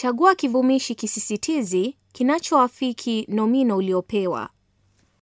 Chagua kivumishi kisisitizi kinachoafiki nomino uliopewa.